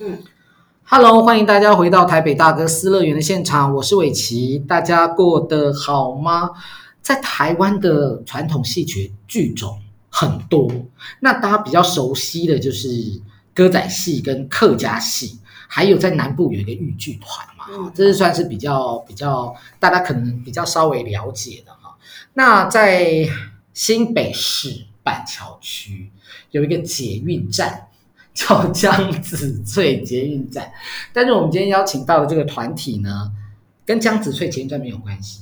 嗯哈嘍，Hello, 歡迎大家回到台北大哥斯樂園的現場，我是偉奇，大家過得好嗎？在台灣的傳統戲曲劇種很多，那大家比較熟悉的就是歌仔戲跟客家戲，還有在南部有一個豫劇團嘛，嗯、這是算是比較比較大家可能比較稍微了解的哈、啊。那在新北市板橋區有一個捷運站。叫江子翠捷運站，但是我們今天邀請到的這個團體呢，跟江子翠捷運站沒有關係，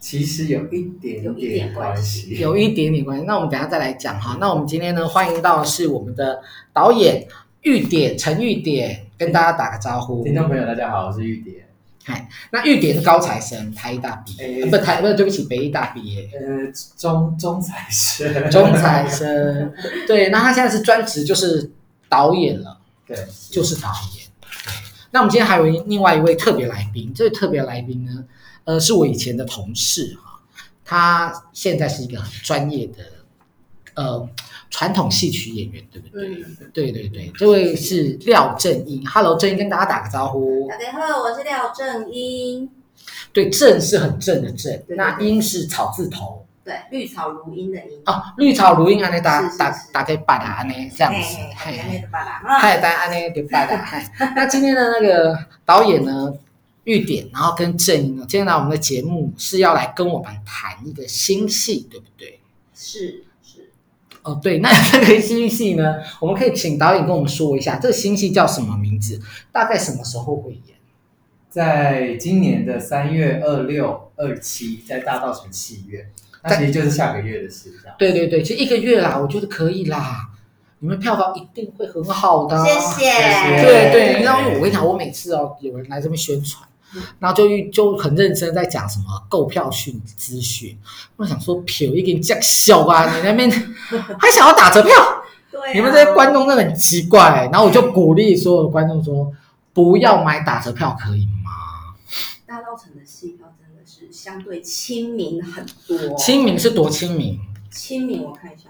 其實有一點點關係，有一點點關係。有一點點關係 那我們等一下再來講哈。那我們今天呢，歡迎到的是我們的導演煜典陳煜典，跟大家打個招呼。聽眾朋友，大家好，我是煜典。嗨，那煜典是高材生，台大畢業，不、欸呃、台不是對不起，北藝大畢業。呃，中中材生，中材生。 對，那他現在是專職就是。導演了，對，就是導演是。對，那我們今天還有另外一位特別來賓，這位特別來賓呢，呃，是我以前的同事哈、啊，他現在是一個很專業的，呃，傳統戲曲演員，對不對、嗯？對對對，這位是廖正茵。哈嘍，hello, 正茵跟大家打個招呼。大家好，我是廖正茵。對，正是很正的正，對對對，那茵是草字頭。對，綠草如茵的茵哦，綠草如茵，安尼打打打個巴達安尼這樣子，嗨，嘿，打個巴達，他也帶安尼，就巴達。 那今天的那個導演呢，煜典，然後跟正茵，今天來我們的節目是要來跟我們談一個新戲，對不對？是是。哦，對，那這個新戲呢，我們可以請導演跟我們說一下，這個新戲叫什麼名字？大概什麼時候會演？在今年的三月二六二七，在大稻埕戲苑。其實就是下個月的事，對對對，其實一個月啦，我覺得可以啦，嗯、你們票房一定會很好的。啊。謝謝。對對，對，因為我跟你講，我每次哦、喔，有人來這邊宣傳，然後就就很認真在講什麼購票訊資訊，我想說，便宜給你降小吧，你那邊還想要打折票？ 對、啊。你們這些觀眾真的很奇怪，欸，然後我就鼓勵所有的觀眾說，不要買打折票，可以嗎？大稻埕的戲。相對親民很多、哦，親民是多親民？親民我看一下，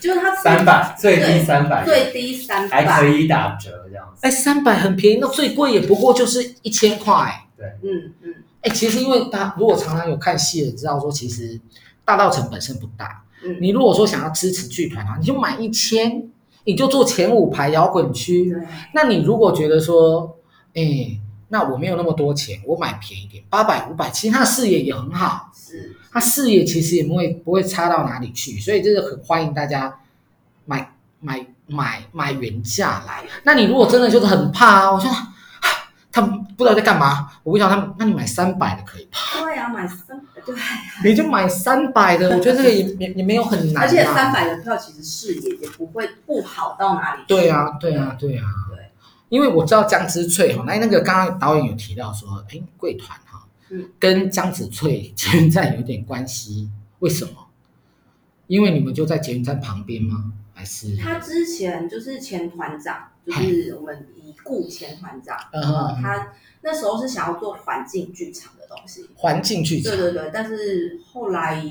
就是它三百最低三百，最低三百還可以打折這樣子。哎、欸，三百很便宜，那最貴也不過就是一千塊。對，嗯嗯。哎、欸，其實因為它如果常常有看戲的知道說，其實大稻埕本身不大、嗯，你如果說想要支持劇團啊，你就買一千，你就坐前五排搖滾區。那你如果覺得說，哎、欸。那我沒有那麼多錢，我買便宜一點，八百、五百，其實他的視野也很好，是，它視野其實也不會不會差到哪裡去，所以這個很歡迎大家買買買買原價來。那你如果真的就是很怕說啊，我覺得他不知道在幹嘛，我跟你講，他那你買三百的可以對呀、啊，買三對、啊。你就買三百的，我覺得這個也也也沒有很難、啊，而且三百的票其實視野也不會不好到哪裡去。對呀、啊，對呀、啊，對呀、啊。因為我知道江之翠哈，那那個剛剛導演有提到說，哎，貴團哈、啊，跟江之翠捷運站有點關係，為什麼？因為你們就在捷運站旁邊嗎？還是他之前就是前團長，就是我們已故前團長，嗯、哎、哼，他那時候是想要做環境劇場的東西，環境劇場，對對對，但是後來，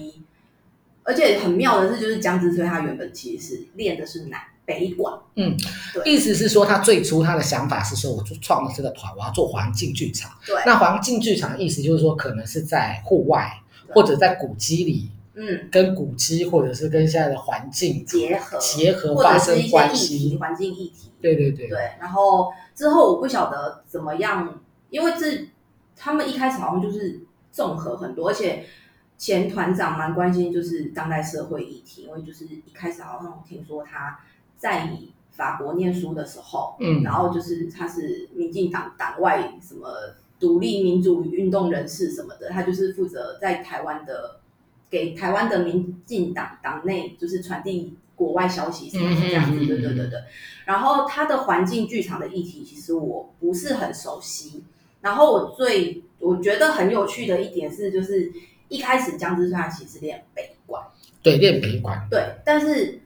而且很妙的是，就是江之翠他原本其實是練的是南北管，嗯對，意思是說，他最初他的想法是說，我就創了這個團，我要做環境劇場。對，那環境劇場的意思就是說，可能是在戶外，或者在古蹟裡，嗯，跟古蹟或者是跟現在的環境結合結合發生關係。環境議題，對對對對。然後之後我不曉得怎麼樣，因為這他們一開始好像就是綜合很多，而且前團長蠻關心就是當代社會議題，因為就是一開始好像我聽說他。在法國念書的時候，嗯，然後就是他是民進黨黨外什麼獨立民主與運動人士什麼的，他就是負責在台灣的給台灣的民進黨黨內就是傳遞國外消息什麼這樣子，嗯、對對對，對、嗯嗯、然後他的環境劇場的議題，其實我不是很熟悉。然後我最我覺得很有趣的一點是，就是一開始江之翠其實練北管，對練北管，對，但是。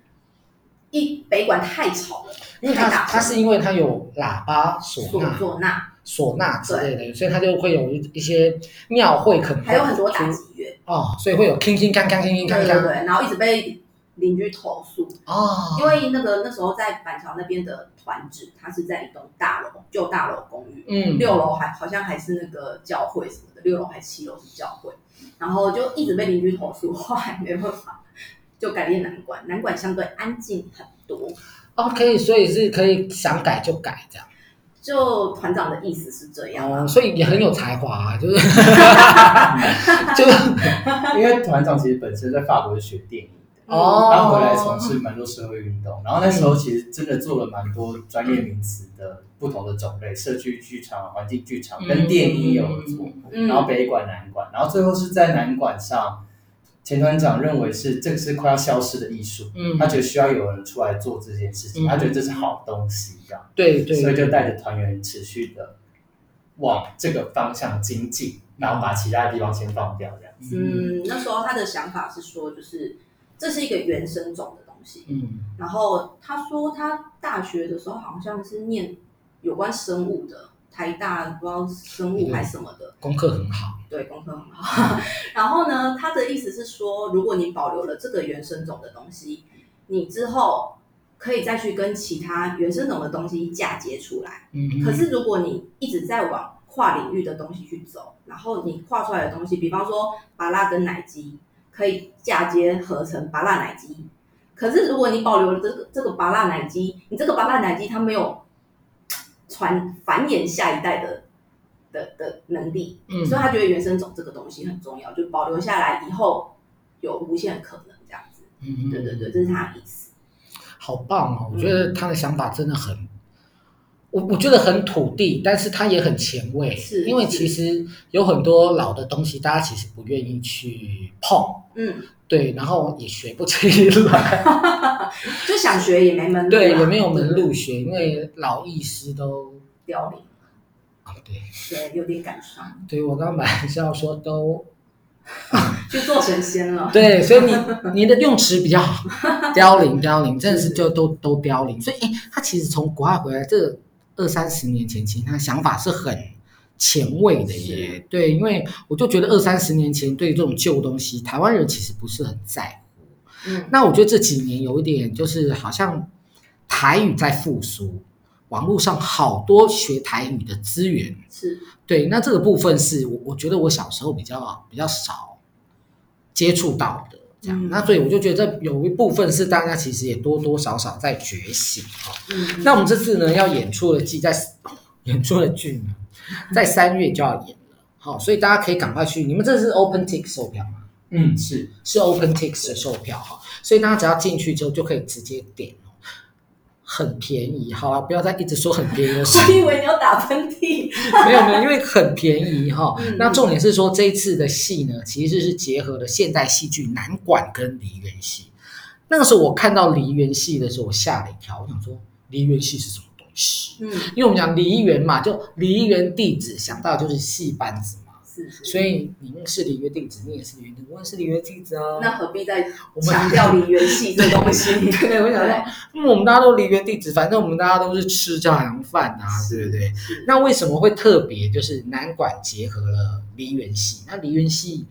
一北管太吵了，打了因為它它是因為他有喇叭、嗩、嗩吶、嗩吶之類的，所以他就會有一一些廟會可能會有，還有很多打擊樂哦，所以會有叮叮噹噹、叮叮噹噹，對對，對然後一直被鄰居投訴哦，因為那個那時候在板橋那邊的團址，它是在一棟大樓舊大樓公寓，嗯，六樓還好像還是那個教會什麼的，六樓還七樓是教會，然後就一直被鄰居投訴、嗯，我也沒辦法。就改練南管，南管相對安靜很多。哦，可以，所以是可以想改就改這樣。就團長的意思是這樣，啊、所以也很有才華、啊，就是， 就 因為團長其實本身在法國是學電影，哦，然後回來從事蠻多社會運動，然後那時候其實真的做了蠻多專業名詞的不同的種類、嗯，社區劇場、環境劇場、嗯、跟電影有做、嗯，然後北管、南管，然後最後是在南管上。前團長認為是這個是快要消失的藝術，嗯，他覺得需要有人出來做這件事情，嗯，他覺得這是好東西、嗯，這樣，對，對，對，所以就帶着團員持續的往這個方向精進，然後把其他的地方先放掉，這樣子嗯。嗯，那時候他的想法是說，就是這是一個原生種的東西，嗯，然後他說他大學的時候好像是唸有關生物的。台大，不知道生物還是什麼的，嗯，功課很好，對，功課很好。嗯、 然後呢，他的意思是說，如果你保留了這個原生種的東西，你之後可以再去跟其他原生種的東西嫁接出來。嗯，嗯。可是如果你一直在往跨領域的東西去走，然後你跨出來的東西，比方說芭樂跟奶雞可以嫁接合成芭樂奶雞，可是如果你保留了這個這個芭樂奶雞，你這個芭樂奶雞它沒有。繁繁衍下一代的的，的能力，嗯，所以他覺得原生種這個東西很重要，就保留下來以後有無限可能這樣子。嗯嗯，對對對，這是他的意思。好棒哦，我覺得他的想法真的很。嗯我我覺得很土地，但是它也很前衛，是，是因為其實有很多老的東西，大家其實不願意去碰，嗯，對，然後也學不起來， 就想學也沒門路、啊，對，也沒有門路學，因為老藝師都凋零，啊，對，對，有點感傷，對我剛剛是要說都就 做神仙了，對，所以你你的用詞比較好， 凋零凋零真的是就都是都，都凋零，所以、欸、他其實從國外回來這個。二三十年前，其實他的想法是很前衛的耶。啊、對，因為我就覺得二三十年前對這種舊東西，台灣人其實不是很在乎。嗯，那我覺得這幾年有一點，就是好像台語在復甦，網絡上好多學台語的資源是、啊。對，那這個部分是我我覺得我小時候比較比較少接觸到的。這樣，那所以我就覺得這有一部分是大家其實也多多少少在覺醒哈、嗯哦。那我們這次呢要演出的季，在、哦、演出的劇在三月就要演了，好、哦，所以大家可以趕快去。你們這是 OpenTix 售票嗎？嗯，是是 OpenTix 的售票哈，所以大家只要進去之後就可以直接點。很便宜，好，不要再一直說很便宜的事。 我以為你要打噴嚏， 沒有沒有，因為很便宜哈。 那重點是說這一次的戲呢，其實是結合了現代戲劇、南管跟梨園戲。那個時候我看到梨園戲的時候，我嚇了一跳，我想說梨園戲是什麼東西？嗯，因為我們講梨園嘛，就梨園弟子想到就是戲班子。是是，所以你也是梨園弟子，你也是梨園，我也是梨園弟子哦，那何必再強調梨園戲這東西 對？對，我想說，嗯、我們大家都梨園弟子，反正我們大家都是吃這行飯啊。是是，對不對？那為什麼會特別就是南管結合了梨園戲？那梨園戲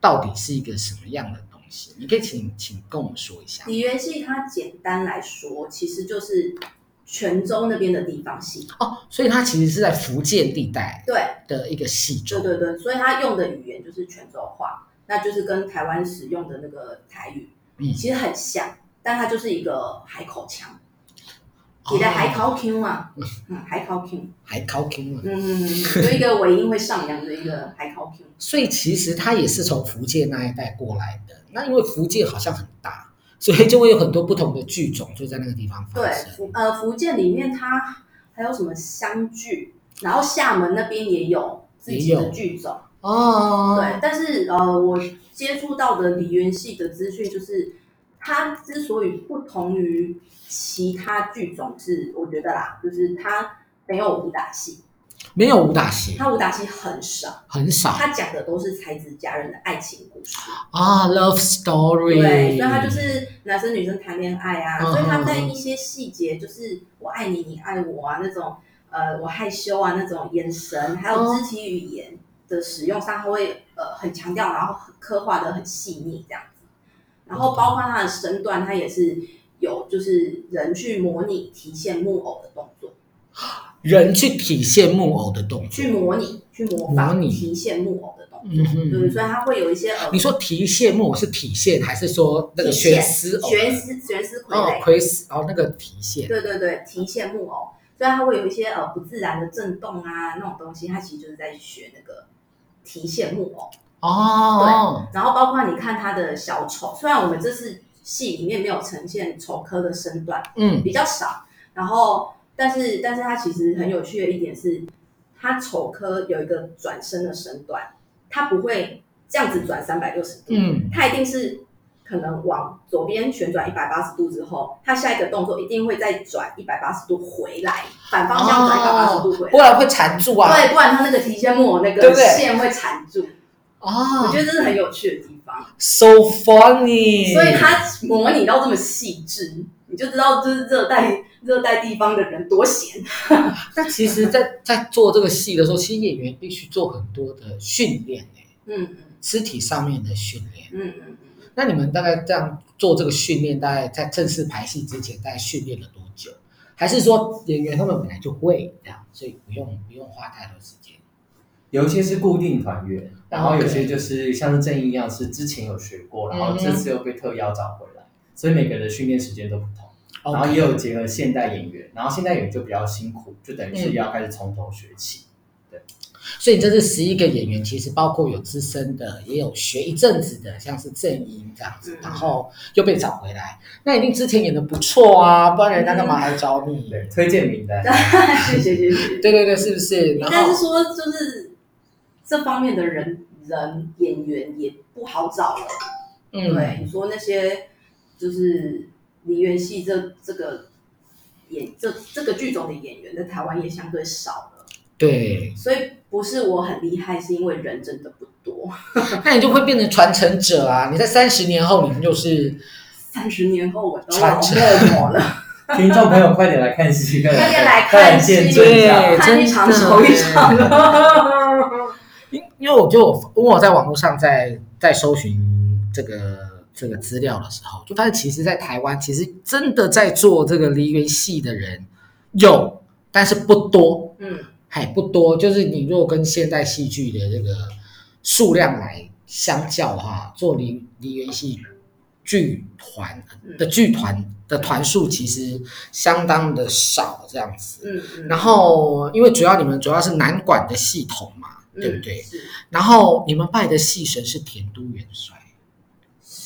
到底是一個什麼樣的東西？你可以請請跟我們說一下。梨園戲它簡單來說，其實就是。泉州那邊的地方戲哦，所以他其實是在福建地帶對的一個戲種，對對對，所以他用的語言就是泉州話，那就是跟台灣使用的那個台語、嗯、其實很像，但它就是一個海口腔，你、哦、的海口腔啊？嗯，海口腔，海口腔，嗯，有一個尾音會上揚的一個海口腔， 所以其實他也是從福建那一帶過來的，那因為福建好像很大。所以就會有很多不同的劇種就在那個地方發生。對，福、呃福建裡面它還有什麼湘劇，然後廈門那邊也有自己的劇種哦。對，但是呃我接觸到的梨園戲的資訊就是，它之所以不同於其他劇種是，我覺得啦，就是它沒有武打戲。沒有武打戲，他武打戲很少，很少。他講的都是才子佳人的愛情故事啊，oh, Love Story。對，所以他就是男生女生談戀愛啊，uh... 所以他在一些細節，就是我愛你，你愛我啊那種，呃，我害羞啊那種眼神，還有肢體語言的使用上，他會呃很強調，然後很刻畫的很細膩這樣子。然後包括他的身段，他也是有就是人去模擬提線木偶的動作人去體現木偶的動作，去模擬、去模仿、你提線木偶的動作，嗯、對，對，所以他會有一些呃。你說提線木偶是體現還是說那個懸絲？懸絲懸絲傀儡，傀儡，然後、哦哦哦、那個提線。對對對，提線木偶，所以它會有一些呃不自然的震動啊，那種東西，它其實就是在學那個提線木偶哦。對，然後包括你看他的小丑，雖然我們這次戲裡面沒有呈現醜科的身段，嗯，比較少，然後。但是，但是它其實很有趣的一點是，它丑科有一個轉身的身段，它不會這樣子轉三百六十度，嗯，它一定是可能往左邊旋轉一百八十度之後，它下一個動作一定會再轉一百八十度回來，反方向轉一百八十度回來，不然會纏住啊，對，不然它那個提線木偶那個線會纏住哦，我覺得這是很有趣的地方，So funny，啊，所以它模擬到這麼細緻，你就知道就是這帶。熱帶地方的人多閑，那其實在，在在做這個戲的時候，其實演員必須做很多的訓練，嗯嗯，肢體上面的訓練，嗯嗯嗯。那你們大概這樣做這個訓練，大概在正式排戲之前，大概訓練了多久？還是說演員他們本來就會，這樣所以不用不用花太多時間？有一些是固定團員，然後有些就是像是正茵一樣是之前有學過，然後這次又被特邀找回來，嗯，所以每個人的訓練時間都不同。然後也有結合現代演員，okay，然後現代演員就比較辛苦，就等於是要開始從頭學起，嗯。對，所以這是十一個演員，其實包括有資深的，嗯，也有學一陣子的，像是正茵這樣子，對對，然後又被找回來，對對，那一定之前演的不錯啊，不然人家幹嘛還招聘的，嗯，推薦名單？謝謝 對，對對對，是不是？但是說就是這方面的人人演員也不好找了。嗯，對，你說那些就是。梨園戲這這個演這這個劇種的演員在台灣也相對少了，對，所以不是我很厲害，是因為人真的不多。 那你就會變成傳承者啊！你在三十年後，你們就是三十年後傳什麼了？ 聽眾朋友，快點來看戲，快 點來看戲，啊、看一場愁一場。 因為我就得，我我在網絡上在在搜尋這個。這個資料的時候，就但是其實，在台灣，其實真的在做這個梨園戲的人有，但是不多，嗯，還不多。就是你若跟現代戲劇的這個數量來相較哈，做梨梨園戲劇團、嗯、的劇團的團數，其實相當的少，這樣子嗯。嗯，然後因為主要你們主要是南管的系統嘛，對不對、嗯？是。然後你們拜的戲神是田都元帥。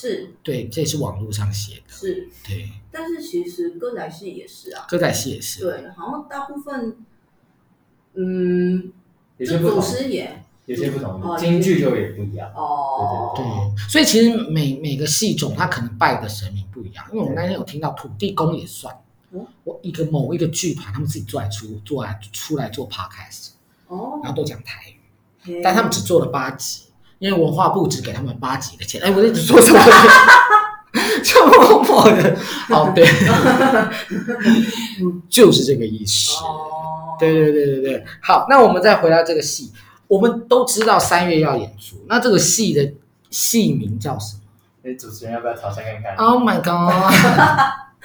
是對，這也是網絡上寫的。是對，但是其實歌仔戲也是啊，歌仔戲也是。對，好像大部分，嗯，有些不同，就是有些不同，京、嗯、劇就也不一樣。哦，對，對哦，所以其實每每個戲種，它可能拜的神明不一樣。因為我們那天有聽到土地公也算。哦、嗯。我一個某一個劇團，他們自己做來出做來出來做 podcast 哦，然後都講台語，okay. 但他們只做了八集。因為文化部只給他們八級的錢，哎，我在說什麼？這麼猛的，哦，對， 就是這個意思。哦，對對對對對。好，那我們再回到這個戲，我們都知道三月要演出，那這個戲的戲名叫什麼？那主持人要不要嘲笑你看？Oh my god！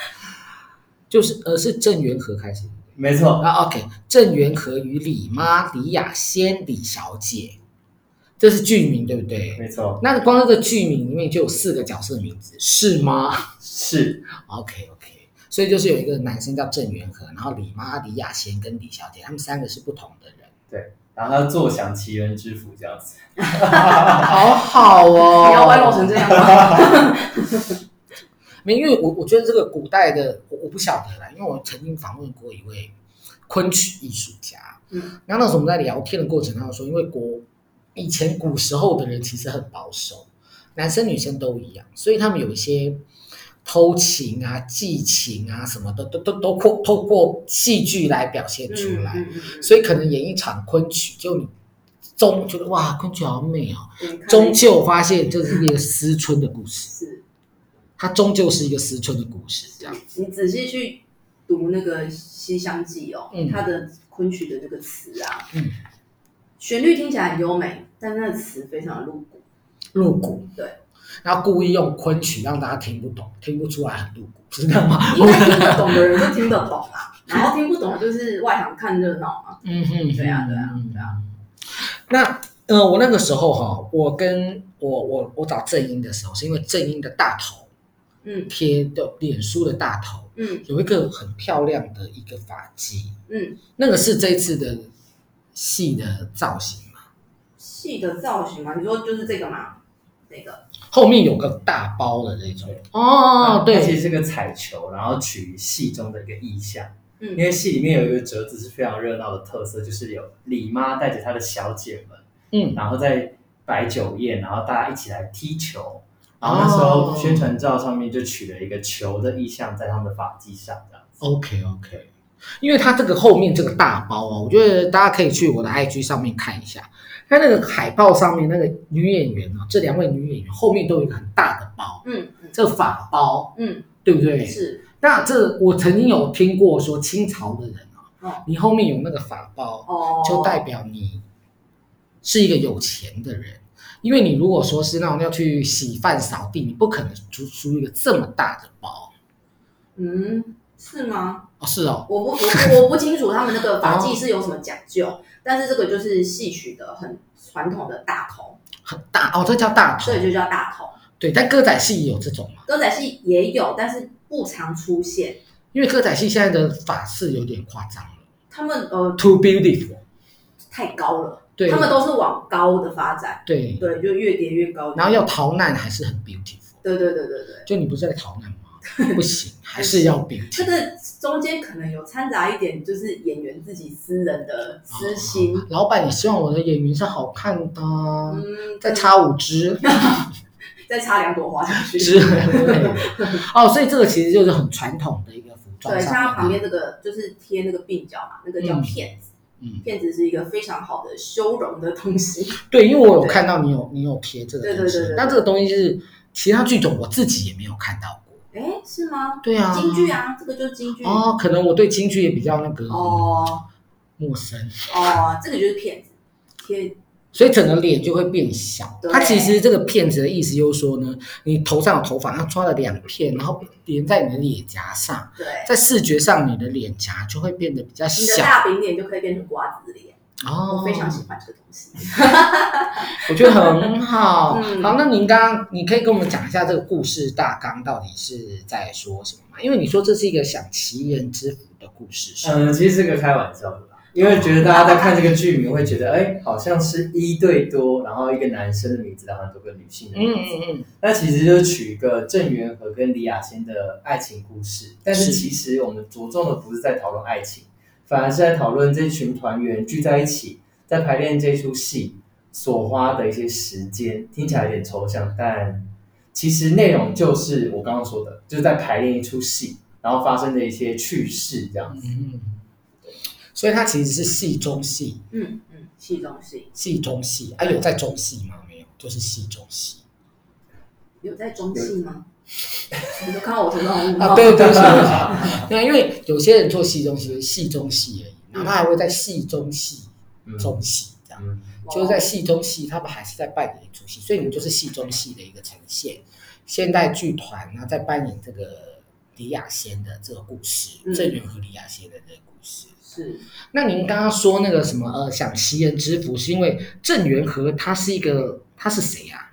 就是，而、呃、是鄭元和開始沒錯。那、uh, OK，鄭元和與李媽、李亞仙、李小姐。這是劇名，對不對？沒錯。那光這個劇名裡面就有四個角色的名字，是嗎？是。OK OK，所以就是有一個男生叫鄭元和，然後李媽、李亞仙跟李小姐，他們三個是不同的人。對。然後他坐享齊人之福，這樣子。 好好哦。 你要歪樓成這樣嗎？ 沒因為我我覺得這個古代的，我我不曉得啦，因為我曾經訪問過一位崑曲藝術家。嗯。那那時候我們在聊天的過程，他有說，因為國。以前古時候的人其實很保守，男生女生都一樣，所以他們有一些偷情啊、寄情啊什麼的，都都都都過透過戲劇來表現出來。嗯嗯嗯、所以可能演一場崑曲，就終、嗯、覺得哇，崑曲好美哦。終究發現這是一個思春的故事。它終究是一個思春的故事。這樣，你仔細去讀那個西廂、哦《西廂記》哦，它的崑曲的這個詞啊。嗯。旋律聽起來很優美，但那個詞非常露骨。露骨。對，然後故意用崑曲讓大家聽不懂，聽不出來很露骨，是這樣嗎？聽得懂的人都聽得懂 然後聽不懂就是外行看熱鬧嘛。 嗯哼、哼對、啊，對啊，對啊，對啊。那，呃，我那個時候哈、哦，我跟我我我找正茵的時候，是因為正茵的大頭，嗯，貼的，臉書的大頭，嗯，有一個很漂亮的一個髮髻，嗯，那個是這一次的。戲的造型嘛，戲的造型嘛，你說就是這個嗎？那、這個？後面有個大包的那種哦？對，哦啊，對其實是個彩球，然後取於戲中的一個意象。嗯，因為戲裡面有一個折子是非常熱鬧的特色，就是有李媽帶着她的小姐們，嗯，然後在擺酒宴，然後大家一起來踢球，然後那時候宣傳照上面就取了一個球的意象在他們的髮髻上，這樣。OK OK。因為它這個後面這個大包啊，我覺得大家可以去我的 IG 上面看一下，它那個海報上面那個女演員啊，這兩位女演員後面都有一個很大的包，嗯，這個、法包，嗯，對不對？是。那這我曾經有聽過說，清朝的人啊、哦，你後面有那個法包，就代表你是一個有錢的人，哦、因為你如果說是那種要去洗飯掃地，你不可能出出一個這麼大的包，嗯。是嗎？哦，是哦。我不，我，我不清楚他們那個髮髻，是有什麼講究、 哦，但是這個就是戲曲的很傳統的大頭，很大哦，這叫大頭，所以就叫大頭。對，但歌仔戲有這種嗎？歌仔戲也有，但是不常出現，因為歌仔戲現在的髮飾有點誇張了。他們呃，too beautiful，太高了，對，他們都是往高的發展，對，對，就越疊越高點。然後要逃難還是很 beautiful，對，對對對對對，就你不是在逃難嗎？ 不行，還是要平。這個中間可能有摻雜一點，就是演員自己私人的私心。哦、老闆，也希望我的演員是好看的，嗯，再插五支， 再插兩朵花下去。是對 哦，所以這個其實就是很傳統的一個服裝。對，像他旁邊這個就是貼那個鬢角嘛，那個叫片子嗯。嗯，片子是一個非常好的修容的東西。對，因為我有看到你有你有貼這個東西，對對對對對對，那這個東西是其他劇種我自己也沒有看到過。哎，是嗎？對啊，京劇啊，這個就是京劇。哦，可能我對京劇也比較那個哦，陌生哦。哦，這個就是片子，貼。所以整個臉就會變小。他其實這個片子的意思就是說呢，你頭上有頭髮，他抓了兩片，然後連在你的臉頰上。對，在視覺上，你的臉頰就會變得比較小。你的大餅臉就可以變成瓜子臉。哦、oh，我非常喜歡這個東西， 我覺得很，很好。好，那您剛剛你可以跟我們講一下這個故事大綱到底是在說什麼嗎？因為你說這是一個享齊人之福的故事是嗎？嗯，其實是個開玩笑的吧，因為覺得大家在看這個劇名會覺得，哎，好像是一對多，然後一個男生的名字，然後很多個女性的名字，嗯嗯嗯，那、嗯、其實就是取一個鄭元和跟李亞仙的愛情故事，但是其實我們着重的不是在討論愛情。反而是在討論這群團員聚在一起，在排練這出戲所花的一些時間，聽起來有點抽象，但其實內容就是我剛剛說的，就是在排練一出戲，然後發生的一些趣事這樣子。嗯，所以它其實是戲中戲。嗯嗯，戲中戲，戲中戲。啊，有在中戲嗎？沒有，就是戲中戲。有在中戲嗎？你都看我什麼演嗎？啊，對對對，對，對， 因為有些人做戲中戲，戲中戲而已，然後他還會在戲中戲中戲，知道就是在戲中戲，他們還是在扮演一出戲，所以你們就是戲中戲的一個呈現。現代劇團呢、啊，在扮演這個李亞仙的這個故事，鄭、嗯、元和李亞仙的這個故事。是、嗯，那您剛剛說那個什麼呃，想襲人之福，是因為鄭元和他是一個他是誰呀、啊？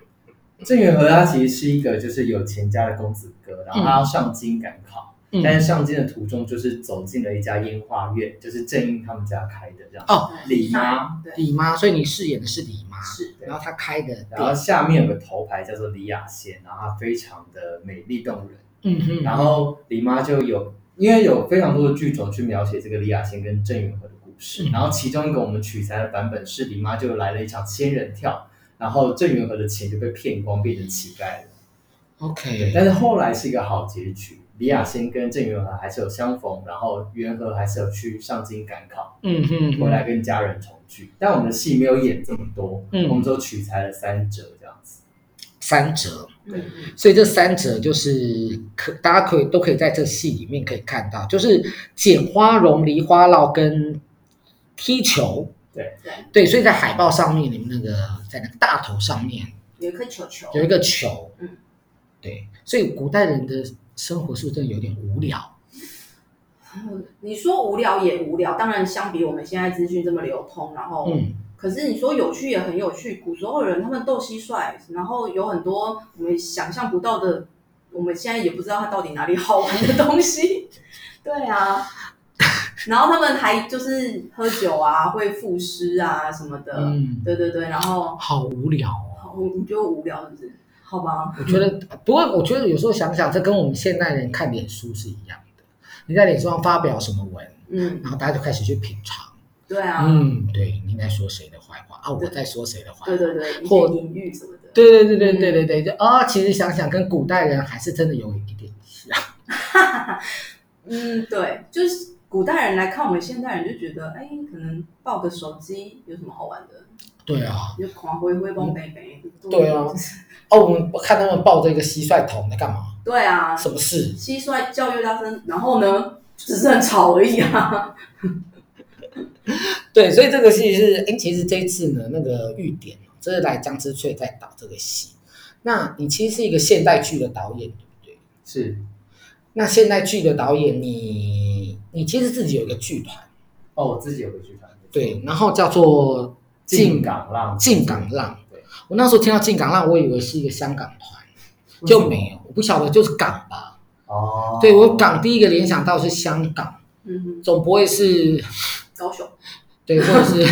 鄭元和他其實是一個就是有錢家的公子哥，然後他要上京趕考，嗯，但是上京的途中就是走進了一家煙花院，嗯、就是正茵他們家開的這樣。哦，李媽，對，李媽，所以你飾演的是李媽，是。然後他開的，然後下面有個頭牌叫做李亞仙，然後她非常的美麗動人。嗯哼。然後李媽就有，因為有非常多的劇種去描寫這個李亞仙跟鄭元和的故事，嗯，然後其中一個我們取材的版本是李媽就來了一場仙人跳。然後鄭元和的錢就被騙光的 okay，變成乞丐了。OK，但是後來是一個好結局，嗯，李亞仙跟鄭元和還是有相逢，然後元和還是有去上京趕考，嗯嗯，回來跟家人重聚。嗯。但我們的戲沒有演這麼多，嗯、我們就取材了三折這樣子。三折，對，所以這三折就是可大家可以都可以在這戲裡面可以看到，就是剪花容、梨花烙跟踢球。對對,對，所以在海報上面，你們那個在那個大頭上面有一顆球球，有一個球，嗯，對，所以古代人的生活是不是真的有點無聊？嗯，你說無聊也無聊，當然相比我們現在資訊這麼流通，然後，嗯，可是你說有趣也很有趣，古時候人他們鬥蟋蟀，然後有很多我們想象不到的，我們現在也不知道它到底哪裡好玩的東西， 對啊。然後他們還就是喝酒啊，會賦詩啊什麼的。嗯，對對對。然後好無聊啊！你覺得無聊是不是？好吧。我覺得，不過我覺得有時候想想，這跟我們現代人看臉書是一樣的。你在臉書上發表什麼文，嗯，然後大家就開始去品嘗。對啊。嗯，嗯，對，你在說誰的壞話啊？我在說誰的壞話？對對對。什麼的或對對對對對對對，嗯，啊，其實想想，跟古代人還是真的有一點像。啊。哈哈哈。嗯，對，就是。古代人來看我們現代人就覺得，哎，可能抱個手機有什麼好玩的？對啊，就狂揮揮、蹦蹦、蹦。對啊。 哦，我們看他們抱着一個蟋蟀桶在幹嘛？對啊。什麼事？蟋蟀叫越大聲，然後呢，只是很吵而已啊。 對，所以這個戲是，哎，其實這一次呢，那個煜典哦，這是來江之翠在導這個戲。那你其實是一個現代劇的導演，對不對？是。那現代劇的導演，你？你其實自己有一個劇團哦？我自己有個劇團對。對，然後叫做進港浪，進港浪。對，我那時候聽到進港浪，我以為是一個香港團，就沒有，我不曉得，就是港吧。哦。對，我港第一個聯想到是香港，嗯，總不會是高雄，對，或者是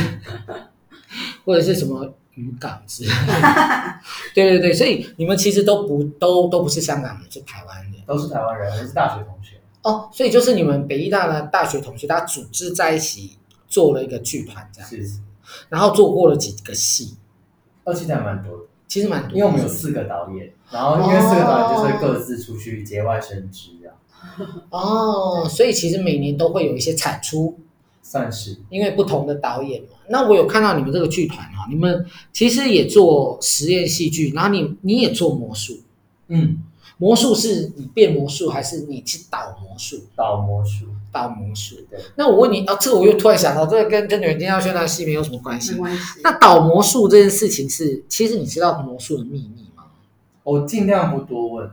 或者是什麼漁港之類的。 對對對，所以你們其實都不都都不是香港人，是台灣人。都是台灣人，還是大學同學。哦，所以就是你們北藝大的大學同學，大家組織在一起做了一個劇團，這樣，是，是，然後做過了幾個戲，哦，其實還蠻多的，其實蠻多，因為我們有四個導演，哦、然後因為四個導演就是各自出去節外生枝啊，哦，所以其實每年都會有一些產出，算是，因為不同的導演嘛。那我有看到你們這個劇團啊、哦，你們其實也做實驗戲劇，然後你你也做魔術，嗯。魔術是你變魔術，還是你去導魔術？導魔術，導魔術。對。那我問你，啊，這我又突然想到，這個跟跟袁金耀先生的戲沒有什麼關係。沒關係。那導魔術這件事情是，其實你知道魔術的秘密嗎？我盡量不多問，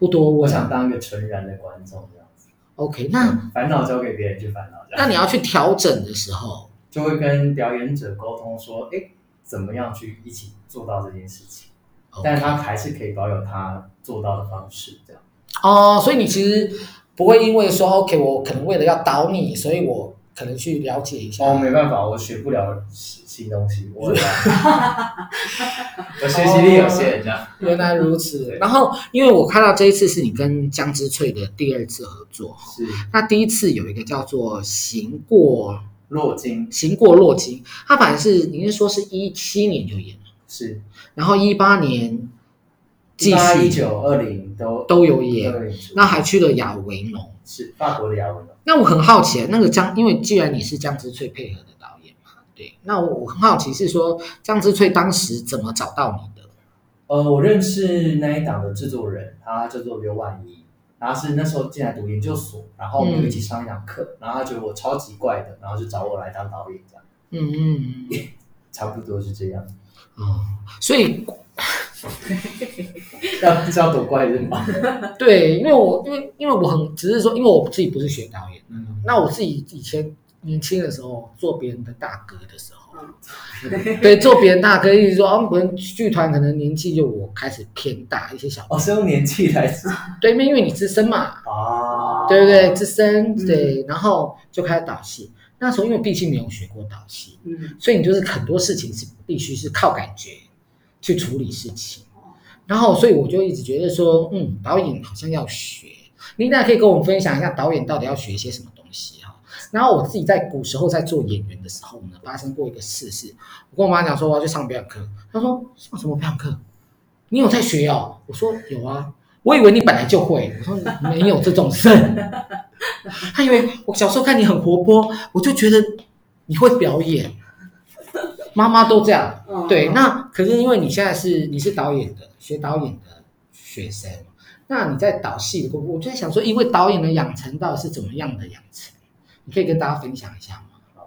不多問。我想當一個純然的觀眾這樣子。OK，那煩惱交給別人去煩惱。那你要去調整的時候，就會跟表演者溝通說，哎、欸，怎麼樣去一起做到這件事情？Okay. 但是他還是可以保有他。做到的方式，這樣哦，所以你其實不會因為說、嗯、OK，我可能為了要導你，所以我可能去了解一下哦，沒辦法，我學不了新東西，我我學習力有限，這 樣、 哦。原來如此。 然後，因為我看到這一次是你跟江之翠的第二次合作，是那第一次有一個叫做行過《行過洛津》，《行過洛津》，他反正是您說是一七年就演了，是，然後一八年。在一九二零都都有演 20, 20, 20, 20，那還去了亞維儂，是法國的亞維儂。那我很好奇，那個江，因為既然你是江之翠配合的導演嘛，對，那我我很好奇，是說江之翠當時怎麼找到你的。呃，我認識那一檔的制作人，他叫做劉婉一，然後是那時候進來讀研究所，嗯、然後我們又一起上一堂課，然後他覺得我超級怪的，然後就找我來當導演這樣。嗯嗯嗯，差不多是這樣。哦、嗯，所以。 要不要叫做怪人嗎？對，因為我因為因為我很只是說，因為我自己不是學導演，嗯、那我自己以前年輕的時候做別人的大哥的時候，嗯對，嗯、對，做別人大哥，一 直說，嗯、啊，我們劇團可能年紀就我開始偏大一些小朋友，哦，是用年紀開始對，因為，因為你資深嘛，啊、哦，對不對？資深對、嗯，然後就開始導戲。那時候因為畢竟沒有學過導戲，嗯，所以你就是很多事情是必須是靠感覺。去處理事情，然後所以我就一直覺得說，嗯，導演好像要學，你大家可以跟我們分享一下導演到底要學一些什麼東西哈、啊。然後我自己在古時候在做演員的時候呢，發生過一個事，是，我跟我媽講說我要去上表演課，她說上什麼表演課？你有在學哦？我說有啊，我以為你本來就會，我說沒有這種事， 她以為我小時候看你很活潑，我就覺得你會表演。媽媽都這樣、哦，對。那可是因為你現在是你是導演的學導演的學生，那你在導戲的過程，我就想說，因為導演的養成到底是怎麼樣的養成，你可以跟大家分享一下嗎？哦、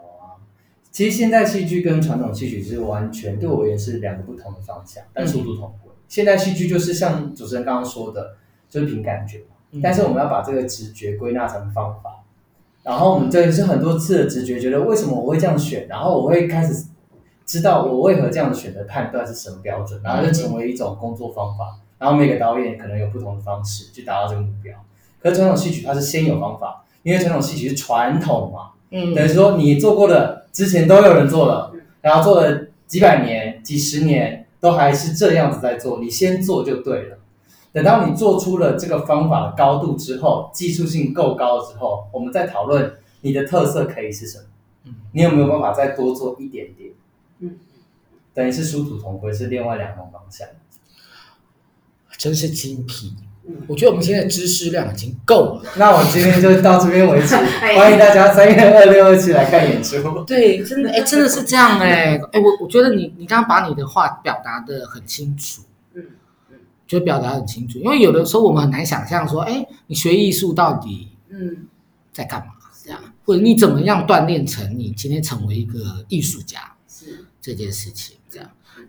其實現在戲劇跟傳統戲曲是完全對我而言是兩個不同的方向，但殊途同歸、嗯。現代戲劇就是像主持人剛剛說的，就是憑感覺，但是我們要把這個直覺歸納成方法，然後我們這裡是很多次的直覺覺得為什麼我會這樣選，然後我會開始。知道我為何這樣選擇，判斷是什麼標準，然後就成為一種工作方法，嗯。然後每個導演可能有不同的方式去達到這個目標。可是傳統戲曲它是先有方法，因為傳統戲曲是傳統嘛，嗯，等於說你做過的之前都有人做了，嗯，然後做了幾百年、幾十年都還是這樣子在做，你先做就對了。等到你做出了這個方法的高度之後，技術性夠高之後，我們再討論你的特色可以是什麼。嗯，你有沒有辦法再多做一點點？等於是殊途同歸，是另外兩個方向。真是精闢，我覺得我們現在知識量已經夠了。 那我們今天就到這邊為止，歡迎大家三月二六二七來看演出。 對，真的，哎、欸，真的是這樣、欸，哎、欸，我我覺得你你剛剛把你的話表達的很清楚，嗯嗯，就表達很清楚，因為有的時候我們很難想象說，哎、欸，你學藝術到底嗯在幹嘛這樣，或者你怎麼樣鍛鍊成你今天成為一個藝術家是這件事情。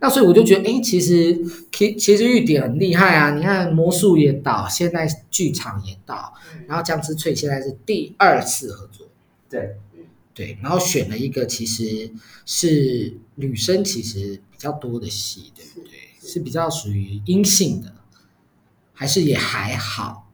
那所以我就覺得，哎、欸，其實其其實煜典很厲害啊！你看魔術也倒，現在劇場也倒、嗯，然後江之翠現在是第二次合作，對，對，對，然後選了一個其實是女生，其實比較多的戲，對不對，對，對？是比較屬於陰性的，還是也還好？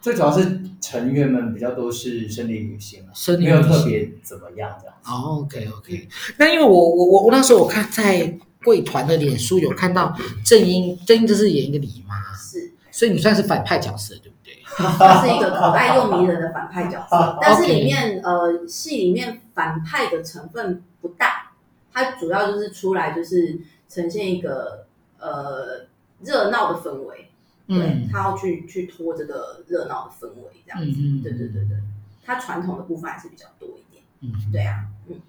最主要是成員們比較都是生理女性，生理女性，沒有特別怎麼樣的。哦、oh,，OK OK，那因為我我我那時候我看在。貴團的臉書有看到正茵，正茵就是演一個李媽，是，所以你算是反派角色，對不對？他是一個可愛又迷人的反派角色， 但是裡面、okay. 呃，戲裡面反派的成分不大，它主要就是出來就是呈現一個呃熱鬧的氛圍，對嗯，他要去去拖這個熱鬧的氛圍，這樣子，嗯、對對對對，他傳統的部分還是比較多一點，嗯，對啊。嗯，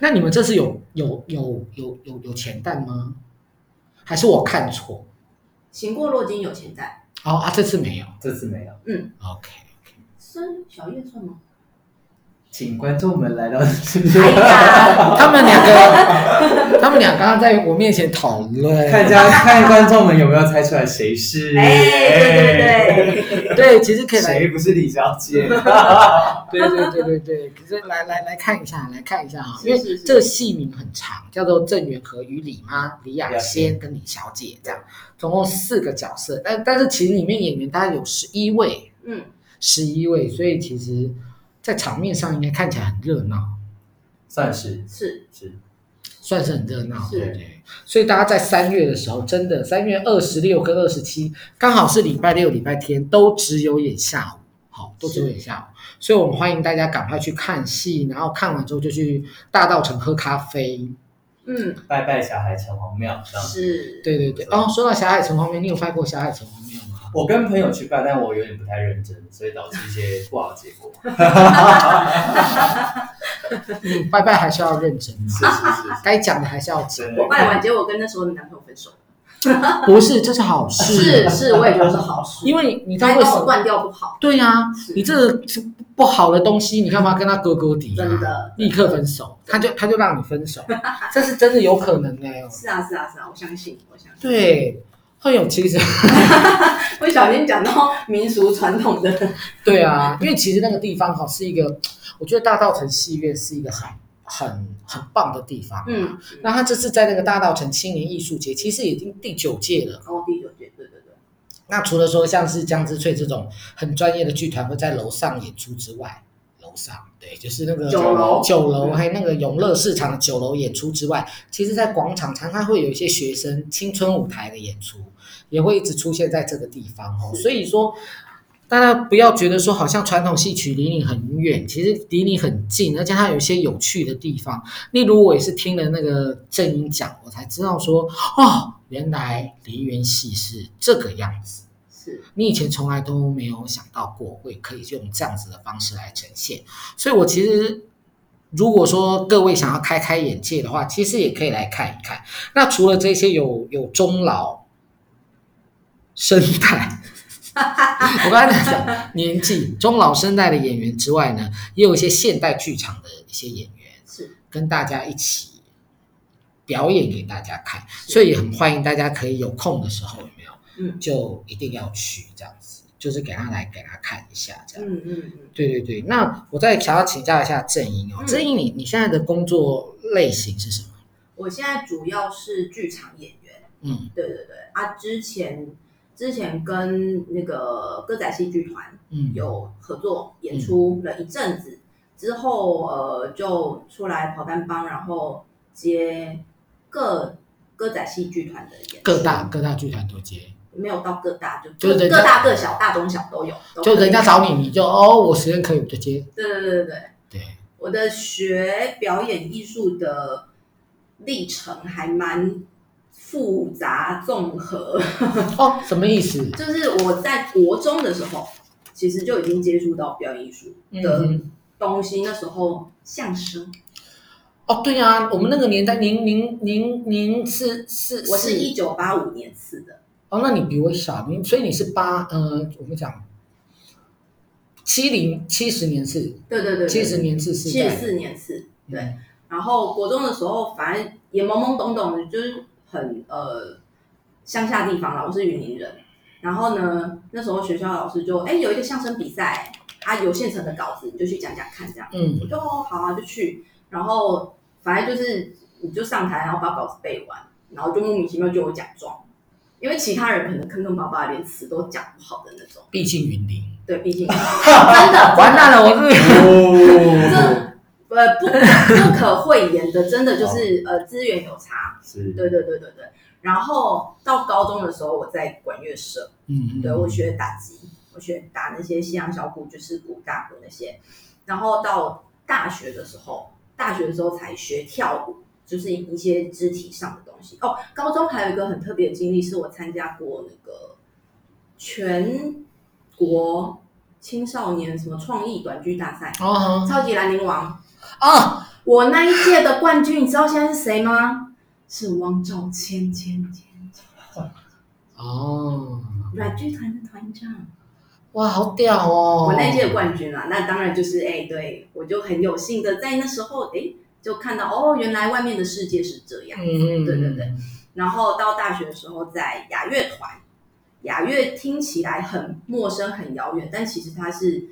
那你們這次有有有有有有錢蛋嗎？還是我看錯？行過洛津有錢蛋。哦啊，這次沒有，這次沒有。嗯，OK OK。孫小葉算嗎？請觀眾們來到、哎，他們兩個， 他們倆剛剛在我面前討論，看一下，看觀眾們有沒有猜出來誰是？哎，對對對，哎、對，其實可以來。誰不是李小姐？ 對，對對對對對，可是來來來看一下，來看一下啊。是是是因為這個戲名很長，叫做《鄭元和與李媽、李亞仙跟李小姐》這樣，總共四個角色，嗯、但但是其實裡面演員大概有十一位，嗯，十一位，所以其實。在場面上應該看起來很熱鬧，算是是是，算是很熱鬧。對，所以大家在三月的時候，真的三月二十六跟二十七，剛好是禮拜六、禮拜天，都只有演下午，好，都只有演下午。所以我們歡迎大家趕快去看戲，然後看完之後就去大稻埕喝咖啡。嗯，拜拜小海，小海城隍廟是，對對對。哦，說到小海城隍廟，你有拜過小海城隍廟？我跟朋友去拜，但我有點不太認真，所以導致一些不好的結果、 嗯。拜拜還是要認真，是，是，是，是，是，該講的還是要講。我拜完，結果跟那時候的男朋友分手。不是，這是好事。是是，我也覺得是好事。因為你拜了，斷掉不好。對啊，你這不好的東西，你幹嘛，跟他哥哥抵真立刻分手，他就他就讓你分手， 這是真的有可能呢、啊。是啊是啊是啊，我相信，我相信。對。很有哈哈，不小心講到民俗傳統的。對啊，因為其實那個地方哈是一個，我覺得大稻埕戲院是一個很很很棒的地方啊。嗯，那他這次在那個大稻埕青年藝術節，其實已經第九屆了。哦，第九屆，對對對。那除了說像是江之翠這種很專業的劇團會在樓上演出之外，對，就是那個酒樓，酒樓、酒樓、酒樓還有那個永樂市場的酒樓演出之外，其實，在廣場常常會有一些學生青春舞台的演出，也會一直出現在這個地方哦。所以說，大家不要覺得說好像傳統戲曲離你很遠，其實離你很近，而且它有一些有趣的地方。例如，我也是聽了那個正茵講，我才知道說，哦，原來梨園戲是這個樣子。你以前從來都沒有想到過會可以用這樣子的方式來呈現，所以我其實如果說各位想要開開眼界的話，其實也可以來看一看。那除了這些有有中老生代，我剛才講年紀中老生代的演員之外呢，也有一些現代劇場的一些演員是跟大家一起表演給大家看，所以也很歡迎大家可以有空的時候就一定要去這樣子，嗯，就是給他來給他看一下這樣。嗯嗯嗯。對對對，那我再想要請教一下正茵哦，嗯、正茵你你現在的工作類型是什麼？我現在主要是劇場演員。嗯，對對對。啊，之前之前跟那個歌仔戲劇團嗯有合作演出了一陣子，嗯嗯，之後呃就出來跑單幫，然後接各歌仔戲劇團的演。各大各大劇團都接。沒有到各大就就各大各小，大，大，各小大中小都有，都就人家找你你就哦，我時間可以，我就接。對對對對對，我的學表演藝術的歷程還蠻複雜綜合。 哦，什麼意思？就是我在國中的時候，其實就已經接觸到表演藝術的東西。嗯、那時候相聲。哦，對啊，我們那個年代，嗯、您您您您是是？我是一九八五年次的。哦，那你比我小，你所以你是八呃，我們講七零七十年次，對對對，七十年次、七十四年次，對。嗯、然後國中的時候，反正也懵懵懂懂的，就是很呃鄉下地方，老師是雲林人。然後呢，那時候學校老師就哎有一個相聲比賽，啊有現成的稿子，你就去講講看這樣，嗯，我就好啊，就去。然後反正就是你就上台，然後把稿子背完，然後就莫名其妙就有獎狀。因為其他人可能坑坑巴巴，連詞都講不好的那種。畢竟雲林。對，畢竟 真的完蛋了，我是。哦 這呃、不不不可諱言的，真的就是呃資源有差。是。對對對對對。然後到高中的時候我在管樂社，嗯，嗯，對我學打擊，我學打那些西洋小鼓，就是鼓、大鼓那些。然後到大學的時候，大學的時候才學跳舞。就是一些肢體上的東西哦。高中還有一個很特別的經歷，是我參加過那個全國青少年什麼創意短劇大賽，哦、oh, huh.，超級蘭陵王哦，oh. 我那一屆的冠軍，你知道現在是誰嗎？是汪兆謙，哦、oh.，阮劇團的團長，哇、wow,，好屌哦！我那一屆的冠軍啊，那當然就是哎，對，我就很有幸的在那時候哎。誒就看到哦，原來外面的世界是這樣。嗯嗯，對對對。然後到大學的時候，在雅樂團，雅樂聽起來很陌生、很遙遠，但其實它是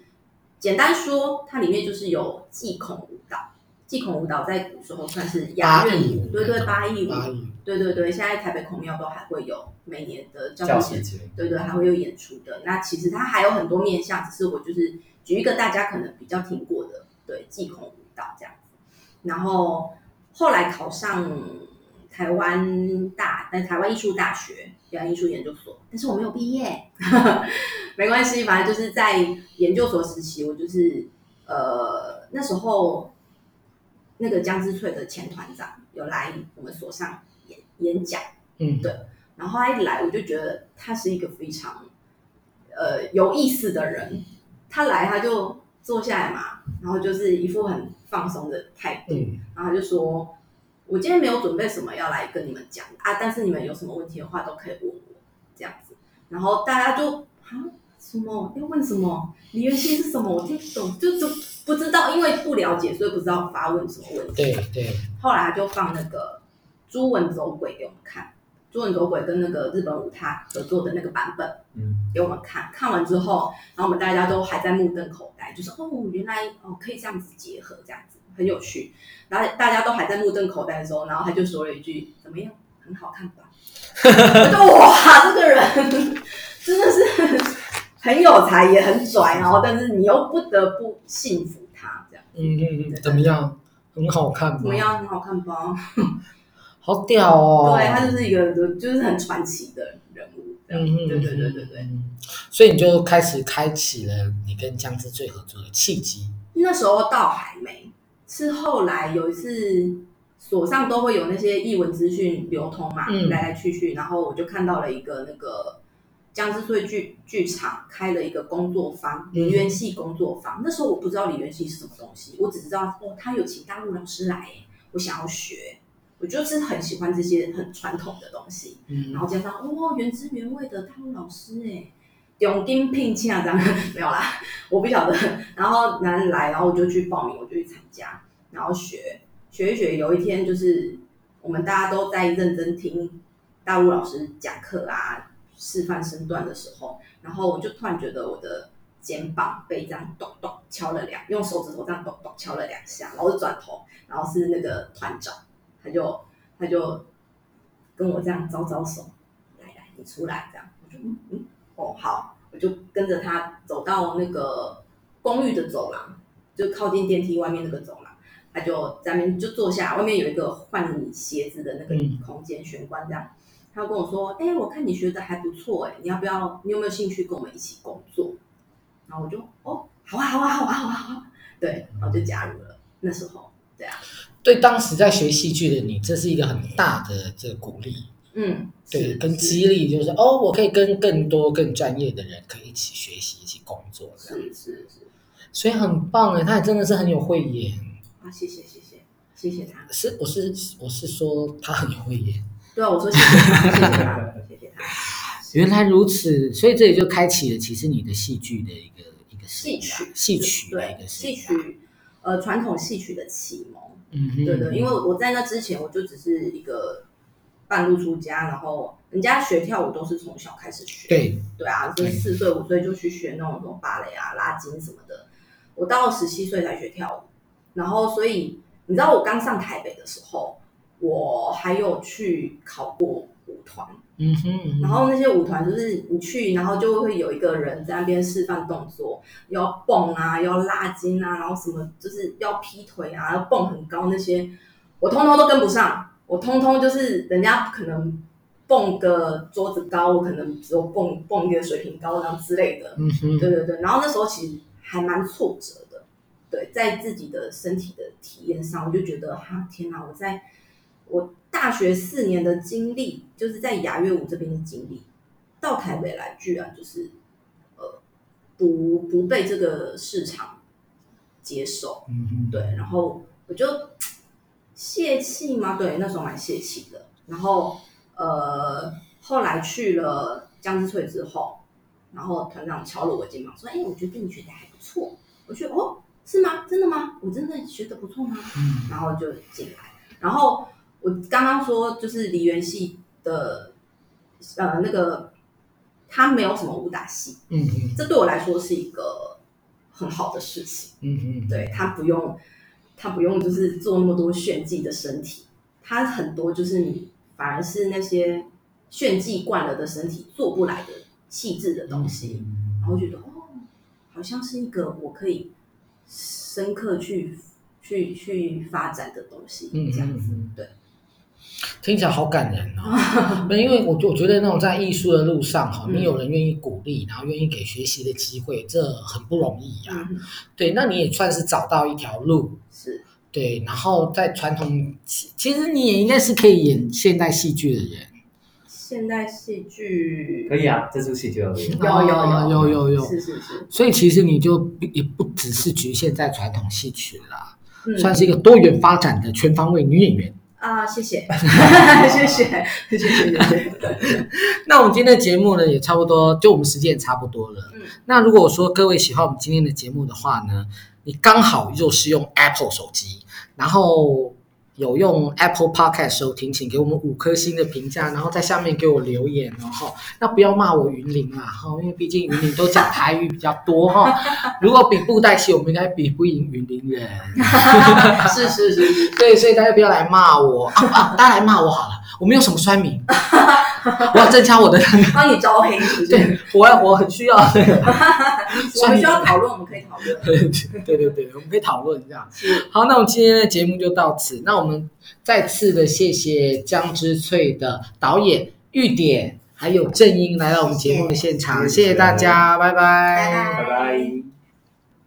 簡單說，它裡面就是有祭孔舞蹈。祭孔舞蹈在古時候算是雅樂舞。對對，八佾舞。對對對，現在台北孔廟都還會有每年的叫什麼？對對，還會有演出的。那其實它還有很多面向，只是我就是舉一個大家可能比較聽過的，對，祭孔舞蹈這樣。然後後來考上台灣大，台灣藝術大學，台灣藝術研究所，但是我沒有畢業。 沒關係，反正就是在研究所時期，我就是呃，那時候那個江之翠的前團長有來我們所上演演講，嗯，對，然後他一來，我就覺得他是一個非常呃有意思的人，他來他就。坐下來嘛，然後就是一副很放鬆的態度，嗯，然後就說，我今天沒有準備什麼要來跟你們講啊，但是你們有什麼問題的話都可以問我，這樣子，然後大家就啊什麼要問什麼，梨園戲是什麼？我聽不懂，就就不知道，因為不了解所以不知道發問什麼問題。對對。後來就放那個朱文走鬼給我們看，朱文走鬼跟那個日本舞踏合作的那個版本。給我們看，看完之後，然後我們大家都還在目瞪口呆，就說哦，原來哦可以這樣子結合，這樣子很有趣。然後大家都還在目瞪口呆的時候，然後他就說了一句：“怎麼樣，很好看吧？”我 說：“哇，這個人真的是很有才，也很拽然後但是你又不得不信服他這樣。”嗯嗯嗯，怎麼樣，很好看？怎麼樣，很好看吧？好屌哦！嗯、對他就是一個就是很傳奇的人。嗯，對對對對對，所以你就開始開啟了你跟江之翠合作的契機。那時候倒還沒，是後來有一次，所上都會有那些藝文資訊流通嘛，嗯，來來去去，然後我就看到了一個那個江之翠劇劇場開了一個工作坊，梨園戲工作坊，嗯。那時候我不知道梨園戲是什麼東西，我只知道哦，他有請大陸老師來，我想要學。我就是很喜歡這些很傳統的東西，嗯，然後加上哦原汁原味的大陸老師哎，重金聘請啊，這樣，沒有啦，我不曉得。然後男人來，然後我就去報名，我就去參加，然後學學一學。有一天就是我們大家都在認真聽大陸老師講課啊，示範身段的時候，然後我就突然覺得我的肩膀被這樣咚咚敲了兩，用手指頭這樣咚咚敲了兩下，然後我就轉頭，然後是那個團長。他就他就跟我這樣招招手，來來，你出來這樣。我就嗯，嗯哦好，我就跟着他走到那個公寓的走廊，就靠近電梯外面那個走廊，他就咱們就坐下，外面有一個換你鞋子的那個空間玄關這樣，嗯、他就跟我說，哎、欸、我看你學的還不錯哎、欸，你要不要，你有沒有興趣跟我們一起工作？然後我就哦好啊好啊好啊好啊好啊，好啊，對、嗯，我就加入了那時候，對啊。對，當時在學戲劇的你，這是一個很大的這個鼓勵，嗯，對，跟激勵就是哦，我可以跟更多更專業的人可以一起學習，一起工作這樣，是是是，所以很棒哎，他也真的是很有慧眼啊，謝謝謝謝謝謝他，是我是我是，我是說他很有慧眼，對啊，我說謝謝他 謝謝他 謝謝他，原來如此，所以這裡就開啟了其實你的戲劇的一個一個、啊、戲曲戲曲的一個對戲曲，呃，傳統戲曲的啟蒙。嗯， 對的，因為我在那之前，我就只是一個半路出家，然後人家學跳舞都是從小開始學，對，對啊，就是四歲五歲就去學那種什麼芭蕾啊、拉筋什麼的，我到十七歲才學跳舞，然後所以你知道我剛上台北的時候，我還有去考過舞團。嗯哼，嗯哼，然後那些舞團就是你去，然後就會有一個人在那邊示範動作，要蹦啊，要拉筋啊，然後什麼就是要劈腿啊，要蹦很高那些，我通通都跟不上，我通通就是人家可能蹦個桌子高，我可能只有蹦蹦一個水平高，然後之類的。嗯哼，對對對，然後那時候其實還蠻挫折的，對，在自己的身體的體驗上，我就覺得哈，天哪，我在我。大學四年的經歷，就是在雅樂舞這邊的經歷，到台北來居然就是、呃、不不被這個市場接受，對，然後我就泄氣嗎？對，那時候蠻泄氣的。然後呃，後來去了江之翠之後，然後團長敲了我肩膀說：“哎、欸，我覺得你學的還不錯。”我說：“哦，是嗎？真的嗎？我真的學的不錯嗎？”然後就進來，然後。我剛剛說就是梨園戲的，呃，那個他沒有什麼武打戲，嗯嗯，這對我來說是一個很好的事情，嗯嗯，對，他不用他不用就是做那麼多炫技的身體，他很多就是你反而是那些炫技慣了的身體做不來的氣質的東西，嗯嗯嗯、然後覺得哦，好像是一個我可以深刻去去去發展的東西，這樣子，嗯嗯嗯、對。聽起來好感人哦！那因為我我覺得那種在藝術的路上哈，你有人願意鼓勵，然後願意給學習的機會，這很不容易啊。對，那你也算是找到一條路。是。對，然後在傳統，其實你也應該是可以演現代戲劇的人。現代戲劇可以啊，這出戲劇有有有有有有。所以其實你就也不只是局限在傳統戲曲了，算是一個多元發展的全方位女演員。啊、呃，謝謝， 謝謝，謝謝，謝謝，謝謝。那我們今天的節目呢，也差不多，就我們時間也差不多了。嗯、那如果我說各位喜歡我們今天的節目的話呢，你剛好又是用 Apple 手機，然後。有用 Apple Podcast 收聽，請給我們五顆星的評價，然後在下面給我留言哦哦，那不要罵我雲林啊哈，因為畢竟雲林都講台語比較多哈、哦。如果比布袋戲，我們應該比不贏雲林人。 是是是，對，所以大家不要來罵我啊啊，大家來罵我好了。我沒有什麼衰名？ 我要增加我的、那個。幫你招黑。對，我我很需要。 我們需要討論， 我們可以討論。 對對對，我們可以討論這樣。好，那我們今天的節目就到此。那我們再次的謝謝江之翠的導演煜典，還有正茵來到我們節目的現場，謝謝，謝，謝大家，拜拜。拜拜。Bye bye